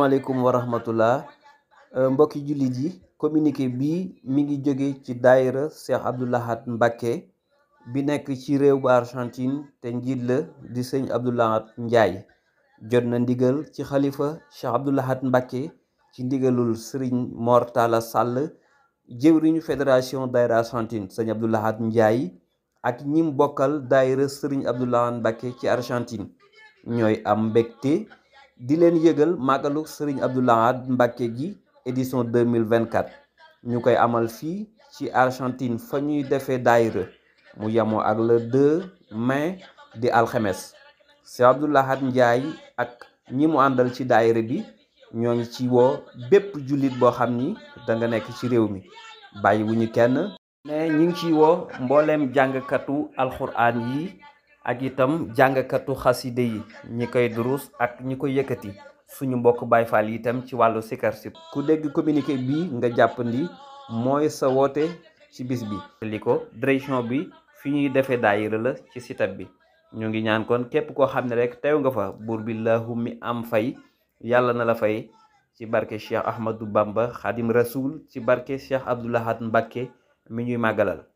maaleykum wa rahmatullah euh, mbokki jullit yi communiqué bi mi ngi jóge ci daayira Cheikh Abdou Lahad Mbacké bi nekk ci réew bu Argentine te njiit la di sëñ Abdou Lahad Ndiaye jot na ndigal ci xalifa Cheikh Abdou Lahad Mbacké ci ndigalul sëriñ Mor sàll Sall jëwriñu fédération daayira Argentine sëñ Abdou Lahad Ndiaye ak ñim bokkal daayira sëriñ Abdou Lahad ci Argentine ñooy am mbégte di leen yëgal màggalu Serigne Abdou Lahad Mbacké gi édition 2024 ñu koy amal fii ci Argentine fa ñuy defee daayira mu yemoo ak le 2 mai di alxemes Serigne Abdou Lahad ak ñi mu àndal ci daayira bi ñoo ngi ci woo bépp jullit boo xam ni da nga nekk ci réew mi bàyyi wu ñu kenn mais ñi ngi ci woo mbooleem jàngkatu alxuraan yi ak itam jàngkatu xaside yi ñi koy duruus ak ñi koy yëkkati suñu mbokk Baay Faal yi itam ci wàllu sikar ku dégg communiqué bii nga jàppandi mooy sa woote ci bis bi li ko direction bi fi ñuy defee daayira la ci sitab bi ñu ngi ñaan kon képp koo xam ne rek teew nga fa buur bi lahu mi am fay yàlla na la fay ci barke Cheikh Ahmadou Bamba Xadim Rasoul ci barke Cheikh Abdoul Ahad Mbacké mi ñuy màggalal